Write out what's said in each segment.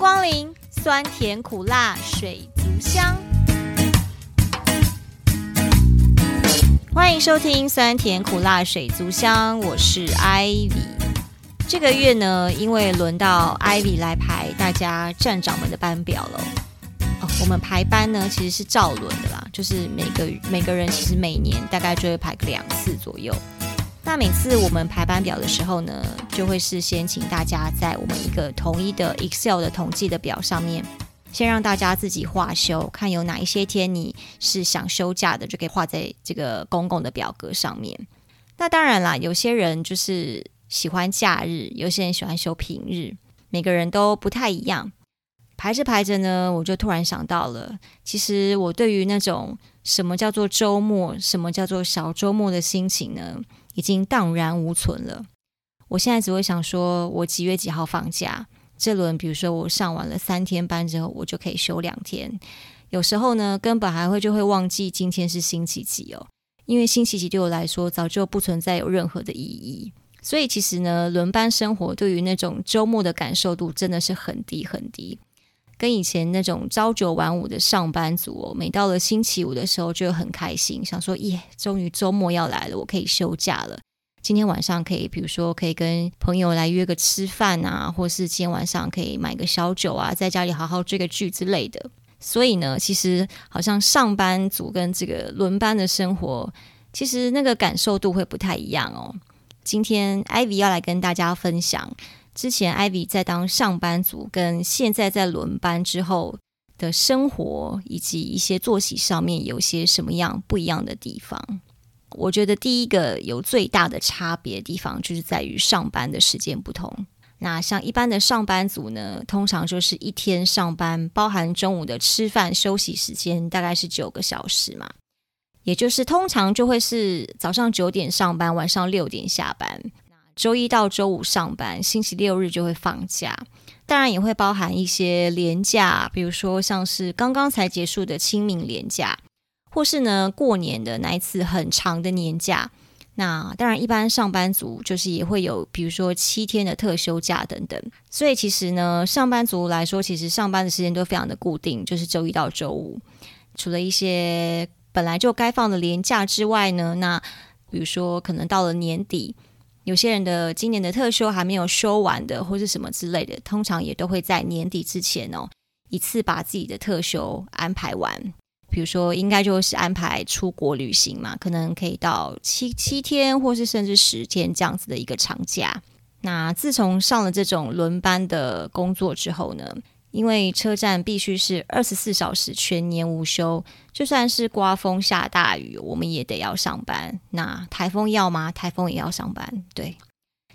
光臨酸甜苦辣水族箱，歡迎收聽酸甜苦辣水族箱，我是 Ivy。這個月呢，因為輪到 Ivy 來排大家站長們的班表了。哦，我們排班呢其實是照輪的啦，就是每個每個人其實每年大概就會排個兩次左右。那每次我們排班表的時候呢，就會事先請大家在我們一個統一的 Excel 的統計的表上面，先讓大家自己畫休，看有哪一些天你是想休假的，就可以畫在這個公共的表格上面。那當然啦，有些人就是喜歡假日，有些人喜歡休平日，每個人都不太一樣。排着排着呢，我就突然想到了，其實我對於那種。什麼叫做周末？什麼叫做小周末的心情呢？已經蕩然無存了。我現在只會想說，我幾月幾號放假？這輪，比如說我上完了三天班之後，我就可以休兩天。有時候呢，根本還會就會忘記今天是星期幾哦，因為星期幾對我來說早就不存在有任何的意義。所以其實呢，輪班生活對於那種周末的感受度真的是很低很低。跟以前那種朝九晚五的上班族，哦，每到了星期五的時候就很開心，想說：“耶，終於周末要來了，我可以休假了。今天晚上可以，比如說可以跟朋友來約個吃飯啊，或是今天晚上可以買個小酒啊，在家裡好好追個劇之類的。”所以呢，其實好像上班族跟這個輪班的生活，其實那個感受度會不太一樣哦。今天 Ivy 要來跟大家分享。之前 Ivy 在當上班族，跟現在在輪班之後的生活以及一些作息上面，有些什麼樣不一樣的地方？我覺得第一個有最大的差別的地方，就是在於上班的時間不同。那像一般的上班族呢，通常就是一天上班，包含中午的吃飯休息時間，大概是九個小時嘛，也就是通常就會是早上九點上班，晚上六點下班。週一到週五上班，星期六日就會放假。當然也會包含一些連假，比如說像是剛剛才結束的清明連假，或是呢過年的那一次很長的年假。那當然，一般上班族就是也會有，比如說七天的特休假等等。所以其實呢，上班族來說，其實上班的時間都非常的固定，就是週一到週五。除了一些本來就該放的連假之外呢，那比如說可能到了年底。有些人的今年的特休還沒有休完的，或是什麼之類的，通常也都會在年底之前哦，一次把自己的特休安排完。比如說，應該就是安排出國旅行嘛，可能可以到七七天，或是甚至十天這樣子的一個長假。那自從上了這種輪班的工作之後呢？因為車站必須是二十四小時全年無休，就算是颳風下大雨，我們也得要上班。那台風要嗎？台風也要上班，對。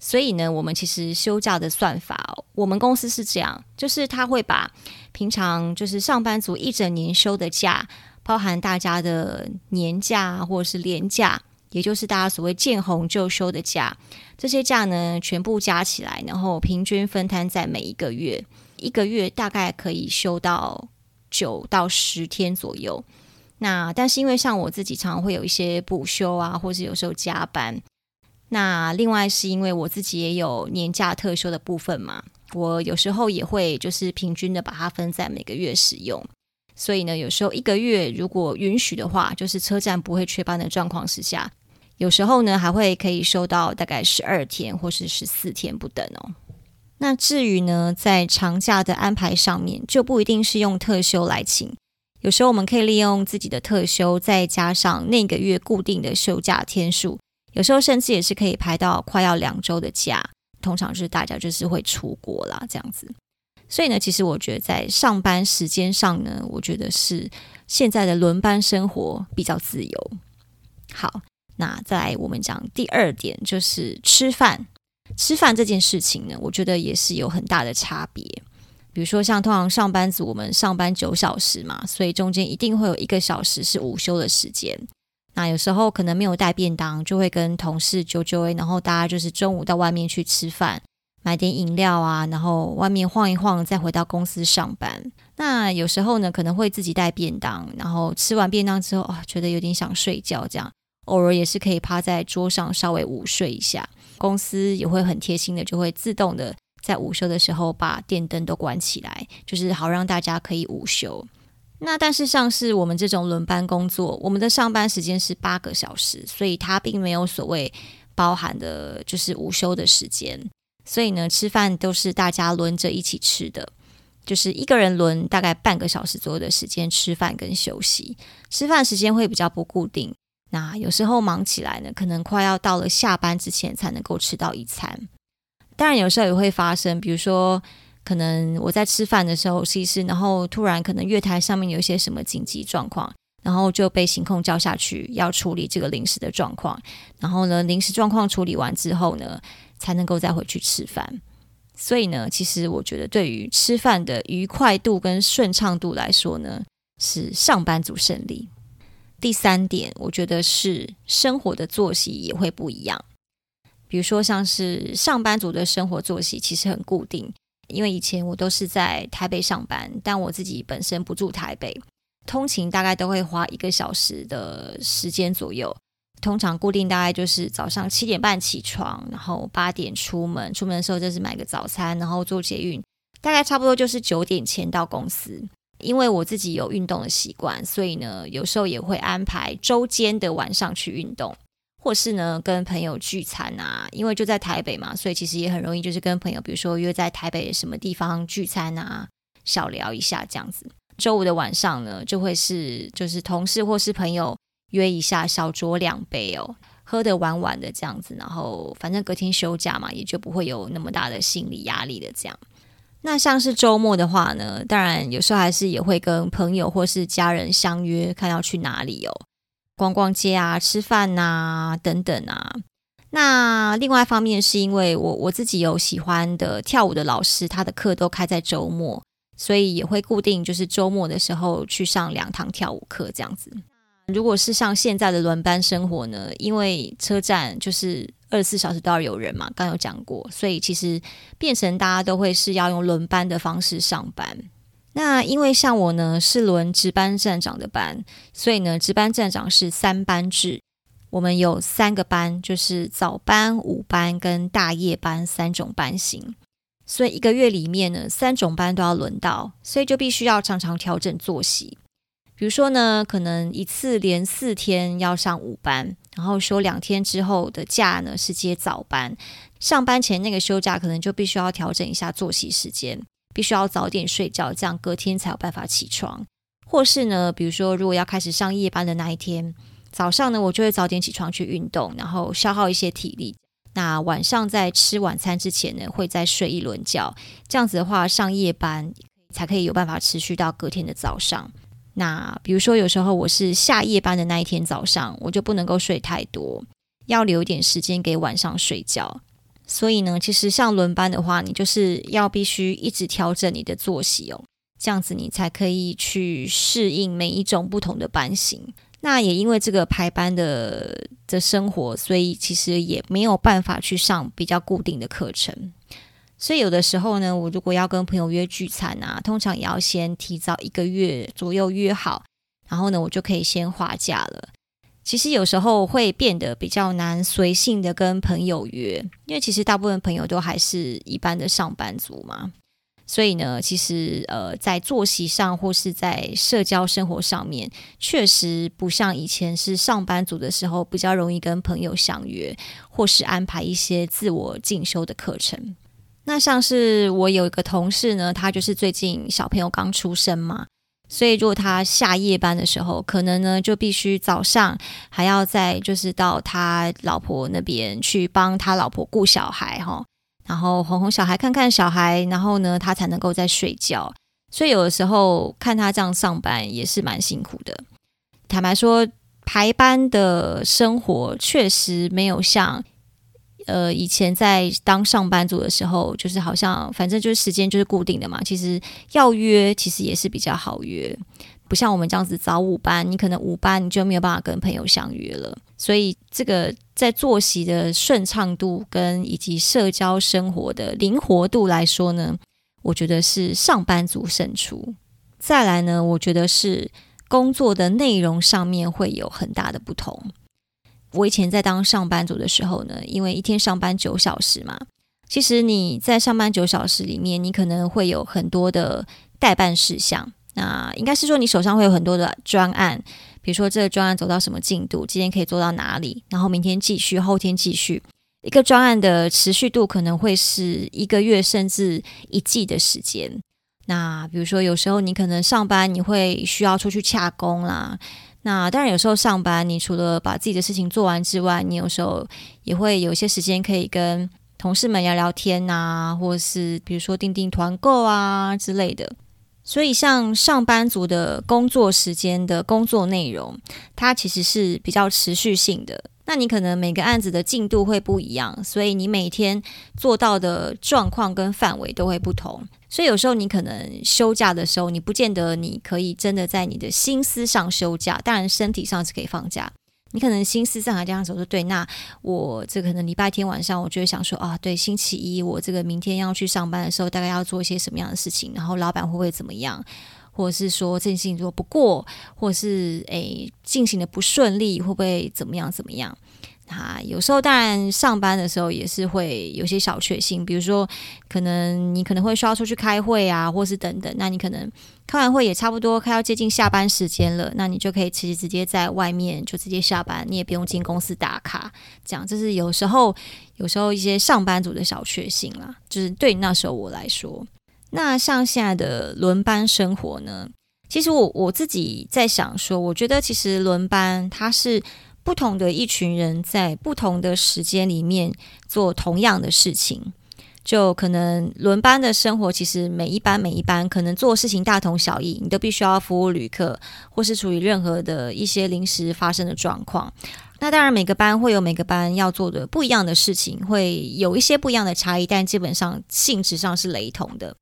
所以呢，我們其實休假的算法，我們公司是這樣，就是他會把平常就是上班族一整年休的假，包含大家的年假或者是年假，也就是大家所謂見紅就休的假，這些假呢全部加起來，然後平均分攤在每一個月。一個月大概可以休到九到十天左右，那但是因為像我自己常、常會有一些補休啊，或是有時候加班，那另外是因為我自己也有年假、特休的部分嘛，我有時候也會就是平均的把它分在每個月使用，所以呢，有時候一個月如果允許的話，就是車站不會缺班的狀況之下，有時候呢還會可以休到大概十二天或是十四天不等哦。那至於呢，在長假的安排上面，就不一定是用特休來請，有時候我們可以利用自己的特休，再加上那個月固定的休假天數，有時候甚至也是可以排到快要兩周的假，通常就是大家就是會出國啦這樣子。所以呢，其實我覺得在上班時間上呢，我覺得是現在的輪班生活比較自由。好，那再來我們講第二點，就是吃飯。吃飯這件事情呢，我覺得也是有很大的差別。比如說，像通常上班族，我們上班九小時嘛，所以中間一定會有一個小時是午休的時間。那有時候可能沒有帶便當，就會跟同事久久，然後大家就是中午到外面去吃飯，買點飲料啊，然後外面晃一晃，再回到公司上班。那有時候呢，可能會自己帶便當，然後吃完便當之後，啊、哦，覺得有點想睡覺，這樣偶爾也是可以趴在桌上稍微午睡一下。公司也會很貼心的，就會自動的在午休的時候把電燈都關起來，就是好讓大家可以午休。那但是像是我們這種輪班工作，我們的上班時間是八個小時，所以它並沒有所謂包含的就是午休的時間。所以呢，吃飯都是大家輪着一起吃的，就是一個人輪大概半個小時左右的時間吃飯跟休息。吃飯時間會比較不固定。那有時候忙起來呢，可能快要到了下班之前才能夠吃到一餐。當然，有時候也會發生，比如說，可能我在吃飯的時候，其實，然後突然可能月台上面有一些什麼緊急狀況，然後就被行控叫下去要處理這個臨時的狀況。然後呢，臨時狀況處理完之後呢，才能夠再回去吃飯。所以呢，其實我覺得對於吃飯的愉快度跟順暢度來說呢，是上班族勝利。第三點，我覺得是生活的作息也會不一樣。比如說，像是上班族的生活作息其實很固定，因為以前我都是在台北上班，但我自己本身不住台北，通勤大概都會花一個小時的時間左右。通常固定大概就是早上七點半起床，然後八點出門，出門的時候就是買個早餐，然後坐捷運，大概差不多就是九點前到公司。因為我自己有運動的習慣，所以呢，有時候也會安排周間的晚上去運動，或是呢跟朋友聚餐啊。因為就在台北嘛，所以其實也很容易，就是跟朋友，比如說約在台北什麼地方聚餐啊，小聊一下這樣子。周五的晚上呢，就會是就是同事或是朋友約一下，小酌兩杯哦，喝得晚晚的這樣子，然後反正隔天休假嘛，也就不會有那麼大的心理壓力的這樣。那像是周末的話呢，當然有時候還是也會跟朋友或是家人相約，看要去哪裡哦，逛逛街啊、吃飯啊等等啊。那另外一方面是因為我我自己有喜歡的跳舞的老師，他的課都開在周末，所以也會固定就是周末的時候去上兩堂跳舞課這樣子。那如果是像現在的輪班生活呢，因為車站就是。二十四小時都要有人嘛，剛剛有講過，所以其實變成大家都會是要用輪班的方式上班。那因為像我呢是輪值班站長的班，所以呢值班站長是三班制，我們有三個班，就是早班、午班跟大夜班三種班型，所以一個月裡面呢三種班都要輪到，所以就必須要常常調整作息。比如說呢，可能一次連四天要上午班，然後說兩天之後的假呢是接早班，上班前那個休假可能就必須要調整一下作息時間，必須要早點睡覺，這樣隔天才有辦法起床。或是呢，比如說如果要開始上夜班的那一天早上呢，我就會早點起床去運動，然後消耗一些體力。那晚上在吃晚餐之前呢，會再睡一輪覺，這樣子的話，上夜班才可以有辦法持續到隔天的早上。那比如說，有時候我是下夜班的那一天早上，我就不能夠睡太多，要留一點時間給晚上睡覺。所以呢，其實上輪班的話，你就是要必須一直調整你的作息哦，這樣子你才可以去適應每一種不同的班型。那也因為這個排班的的生活，所以其實也沒有辦法去上比較固定的課程。所以有的時候呢，我如果要跟朋友約聚餐啊，通常也要先提早一個月左右約好，然後呢，我就可以先劃假了。其實有時候會變得比較難隨性的跟朋友約，因為其實大部分朋友都還是一般的上班族嘛，所以呢，其實呃，在作息上或是在社交生活上面，確實不像以前是上班族的時候比較容易跟朋友相約，或是安排一些自我進修的課程。那像是我有一個同事呢，他就是最近小朋友剛出生嘛，所以如果他下夜班的時候，可能呢就必須早上還要再就是到他老婆那邊去幫他老婆顧小孩吼、哦，然後哄哄小孩，看看小孩，然後呢他才能夠再睡覺。所以有的時候看他這樣上班也是蠻辛苦的。坦白說，排班的生活確實沒有像。呃，以前在當上班族的時候，就是好像反正就是時間就是固定的嘛。其實要約其實也是比較好約，不像我們這樣子早午班，你可能午班你就沒有辦法跟朋友相約了。所以這個在作息的順暢度跟以及社交生活的靈活度來說呢，我覺得是上班族勝出。再來呢，我覺得是工作的內容上面會有很大的不同。我以前在當上班族的時候呢，因為一天上班九小時嘛，其實你在上班九小時裡面，你可能會有很多的待辦事項。那應該是說，你手上會有很多的專案，比如說這個專案走到什麼進度，今天可以做到哪裡，然後明天繼續，後天繼續。一個專案的持續度可能會是一個月甚至一季的時間。那比如說，有時候你可能上班，你會需要出去洽公啦。那當然，有時候上班，你除了把自己的事情做完之外，你有時候也會有些時間可以跟同事們聊聊天吶、啊，或是比如說訂訂團購啊之類的。所以，像上班族的工作時間的工作內容，它其實是比較持續性的。那你可能每個案子的進度會不一樣，所以你每天做到的狀況跟範圍都會不同。所以有時候你可能休假的時候，你不見得你可以真的在你的心思上休假，當然身體上是可以放假。你可能心思上還這樣子說，對，那我這個可能禮拜天晚上，我就會想說，啊，對，星期一我這個明天要去上班的時候，大概要做一些什麼樣的事情，然後老板會不會怎麼樣？或是說，這件事情如果不過，或是誒進、欸、行的不順利，會不會怎麼樣怎麼樣？啊，有時候當然上班的時候也是會有些小確幸，比如說可能你可能會需要出去開會啊，或是等等。那你可能開完會也差不多快要接近下班時間了，那你就可以其實直接在外面就直接下班，你也不用進公司打卡。這樣就是有時候，有時候一些上班族的小確幸啦，就是對那時候我來說。那像現在的輪班生活呢？其實我我自己在想說，我覺得其實輪班它是不同的一群人在不同的時間裡面做同樣的事情。就可能輪班的生活，其實每一班每一班可能做事情大同小異，你都必須要服務旅客或是處理任何的一些臨時發生的狀況。那當然每個班會有每個班要做的不一樣的事情，會有一些不一樣的差異，但基本上性質上是雷同的。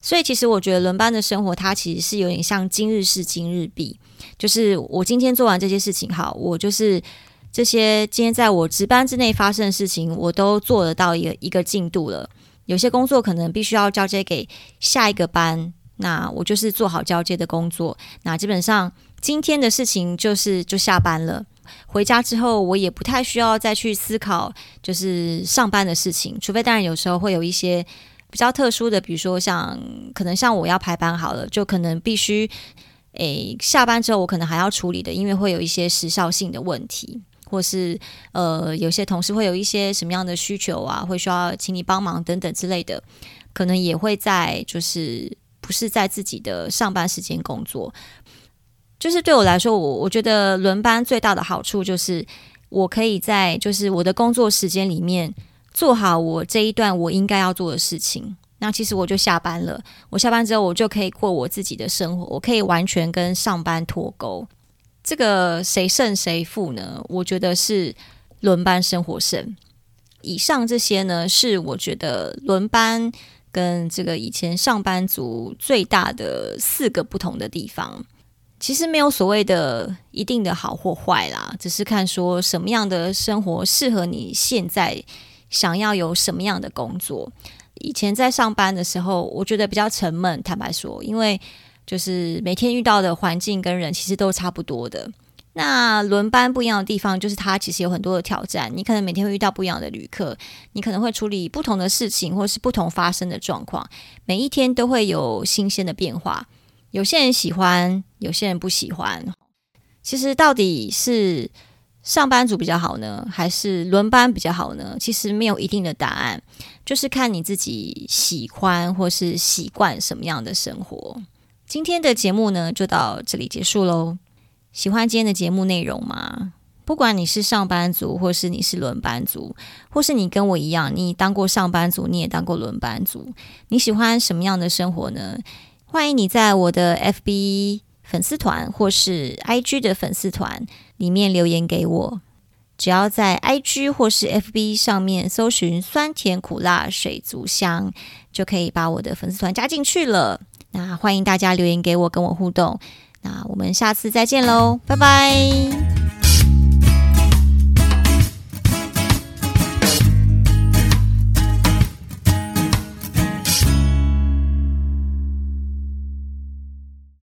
所以，其實我覺得輪班的生活，它其實是有點像今日事今日畢，就是我今天做完這些事情，好，我就是這些今天在我值班之內發生的事情，我都做得到一個一個進度了。有些工作可能必須要交接給下一個班，那我就是做好交接的工作。那基本上今天的事情就是就下班了，回家之後我也不太需要再去思考就是上班的事情，除非當然有時候會有一些。比較特殊的，比如說像可能像我要排班好了，就可能必須誒，下班之後我可能還要處理的，因為會有一些時效性的問題，或是呃有些同事會有一些什麼樣的需求啊，會需要請你幫忙等等之類的，可能也會在就是不是在自己的上班時間工作。就是對我來說，我我覺得輪班最大的好處就是我可以在就是我的工作時間裡面。做好我這一段我應該要做的事情，那其實我就下班了。我下班之後，我就可以過我自己的生活，我可以完全跟上班脫鈎。這個誰勝誰負呢？我覺得是輪班生活勝。以上這些呢，是我覺得輪班跟這個以前上班族最大的四個不同的地方。其實沒有所謂的一定的好或壞啦，只是看說什麼樣的生活適合你現在。想要有什麼樣的工作？以前在上班的時候，我覺得比較沉悶。坦白說，因為就是每天遇到的環境跟人其實都差不多的。那輪班不一樣的地方，就是它其實有很多的挑戰。你可能每天會遇到不一樣的旅客，你可能會處理不同的事情，或是不同發生的狀況。每一天都會有新鮮的變化。有些人喜歡，有些人不喜歡。其實到底是？上班族比較好呢，還是輪班比較好呢？其實沒有一定的答案，就是看你自己喜歡或是習慣什麼樣的生活。今天的節目呢，就到這裡結束嘍。喜歡今天的節目內容嗎？不管你是上班族，或是你是輪班族，或是你跟我一樣，你當過上班族，你也當過輪班族，你喜歡什麼樣的生活呢？歡迎你在我的 FB。粉絲團或是 IG 的粉絲團裡面留言給我，只要在 IG 或是 FB 上面搜尋“酸甜苦辣水族箱”，就可以把我的粉絲團加進去了。那歡迎大家留言給我，跟我互動。那我們下次再見嘍，拜拜。